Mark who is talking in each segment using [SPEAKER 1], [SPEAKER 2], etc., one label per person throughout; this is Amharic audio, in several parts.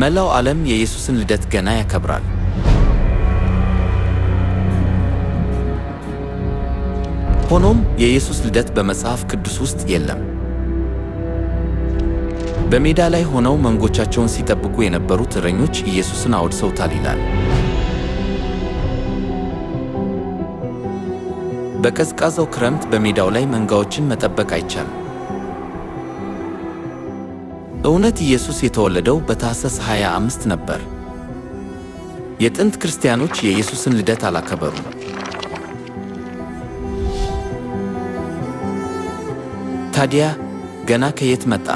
[SPEAKER 1] መላው ዓለም የኢየሱስን ልደት ገና ያከብራል። ሆኖም የኢየሱስ ልደት በመጽሐፍ ቅዱስ ውስጥ የለም። በሜዳ ላይ ሆነው መንጎቻቸውን ሲጠብቁ የነበሩት እረኞች ኢየሱስን አውድሰውታል ይላል። በቀዝቃዛው ክረምት በሜዳው ላይ መንጋዎችን መጠበቅ አይቻልም። እውነት ኢየሱስ የተወለደው በታኅሳስ 25 ነበር። የጥንት ክርስቲያኖች የኢየሱስን ልደት አላከበሩም። ታዲያ ገና ከየት መጣ?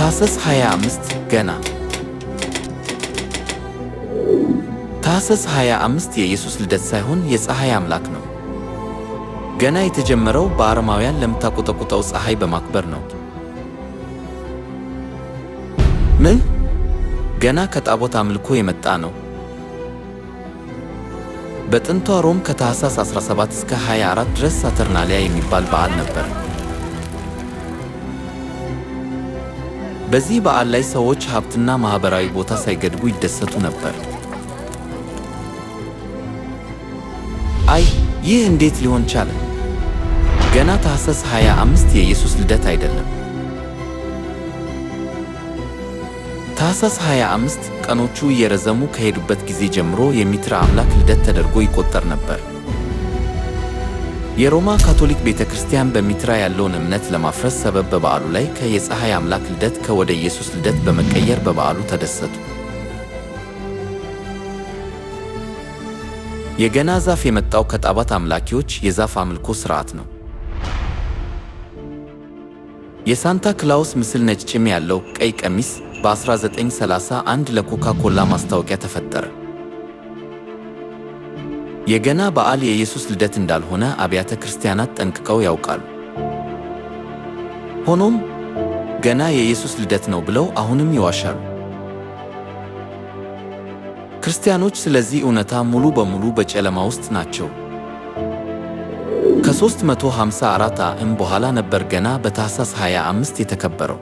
[SPEAKER 1] ታኅሳስ 25 ገና ታኅሳስ 25 የኢየሱስ ልደት ሳይሆን የፀሐይ አምላክ ነው። ገና የተጀመረው በአረማውያን ለምታቆጠቁጠው ፀሐይ በማክበር ነው። ምን ገና ከጣቦት አምልኮ የመጣ ነው። በጥንቷ ሮም ከታህሳስ 17 እስከ 24 ድረስ ሳተርናሊያ የሚባል በዓል ነበር። በዚህ በዓል ላይ ሰዎች ሀብትና ማህበራዊ ቦታ ሳይገድቡ ይደሰቱ ነበር። አይ ይህ እንዴት ሊሆን ቻለ? ገና ታሰስ 25 የኢየሱስ ልደት አይደለም። ታሰስ 25 ቀኖቹ እየረዘሙ ከሄዱበት ጊዜ ጀምሮ የሚትራ አምላክ ልደት ተደርጎ ይቆጠር ነበር። የሮማ ካቶሊክ ቤተ ክርስቲያን በሚትራ ያለውን እምነት ለማፍረስ ሰበብ በበዓሉ ላይ ከየፀሐይ አምላክ ልደት ከወደ ኢየሱስ ልደት በመቀየር በበዓሉ ተደሰቱ። የገና ዛፍ የመጣው ከጣባት አምላኪዎች የዛፍ አምልኮ ሥርዓት ነው። የሳንታ ክላውስ ምስል ነጭ ጭም ያለው ቀይ ቀሚስ በ1931 ለኮካ ኮላ ማስታወቂያ ተፈጠረ። የገና በዓል የኢየሱስ ልደት እንዳልሆነ አብያተ ክርስቲያናት ጠንቅቀው ያውቃሉ። ሆኖም ገና የኢየሱስ ልደት ነው ብለው አሁንም ይዋሻሉ። ክርስቲያኖች ስለዚህ እውነታ ሙሉ በሙሉ በጨለማ ውስጥ ናቸው። ከ354 ዓ.ም በኋላ ነበር ገና በታኅሳስ 25 የተከበረው።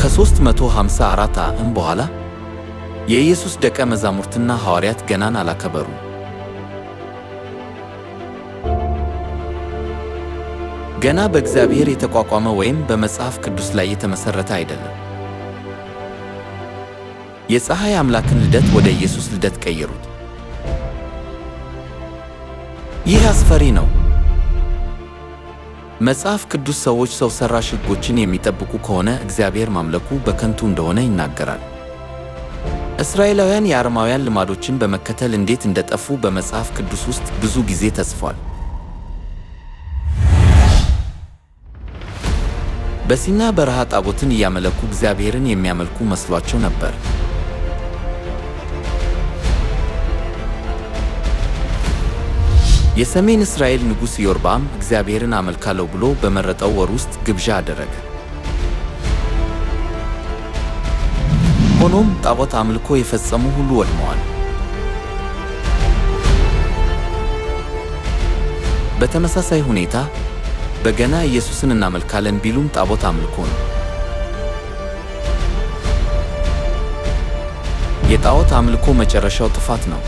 [SPEAKER 1] ከ354 ዓ.ም በኋላ የኢየሱስ ደቀ መዛሙርትና ሐዋርያት ገናን አላከበሩ። ገና በእግዚአብሔር የተቋቋመ ወይም በመጽሐፍ ቅዱስ ላይ የተመሠረተ አይደለም። የፀሐይ አምላክን ልደት ወደ ኢየሱስ ልደት ቀየሩት። ይህ አስፈሪ ነው። መጽሐፍ ቅዱስ ሰዎች ሰው ሠራሽ ሕጎችን የሚጠብቁ ከሆነ እግዚአብሔር ማምለኩ በከንቱ እንደሆነ ይናገራል። እስራኤላውያን የአረማውያን ልማዶችን በመከተል እንዴት እንደጠፉ በመጽሐፍ ቅዱስ ውስጥ ብዙ ጊዜ ተጽፏል። በሲና በረሃ ጣቦትን እያመለኩ እግዚአብሔርን የሚያመልኩ መስሏቸው ነበር። የሰሜን እስራኤል ንጉሥ ዮርባም እግዚአብሔርን አመልካለሁ ብሎ በመረጠው ወር ውስጥ ግብዣ አደረገ። ሆኖም ጣዖት አምልኮ የፈጸሙ ሁሉ ወድመዋል። በተመሳሳይ ሁኔታ በገና ኢየሱስን እናመልካለን ቢሉም ጣዖት አምልኮ ነው። የጣዖት አምልኮ መጨረሻው ጥፋት ነው።